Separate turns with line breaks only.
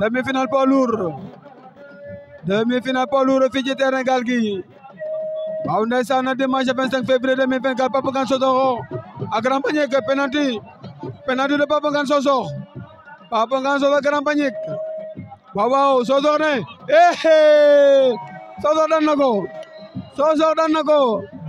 demi-finale poids lourd demi-finale poids lourd fii ci terrain Gaal Gui waaw ndeysaan na dimanche 25 février 2024 Papa Gane Sosokh ak Grand de Papa Gane Sosokh Papa Gane Sosokh Grand Mbagnick waaw waaw Sosokh eh, eh. dan na ko Sosokh dan na ko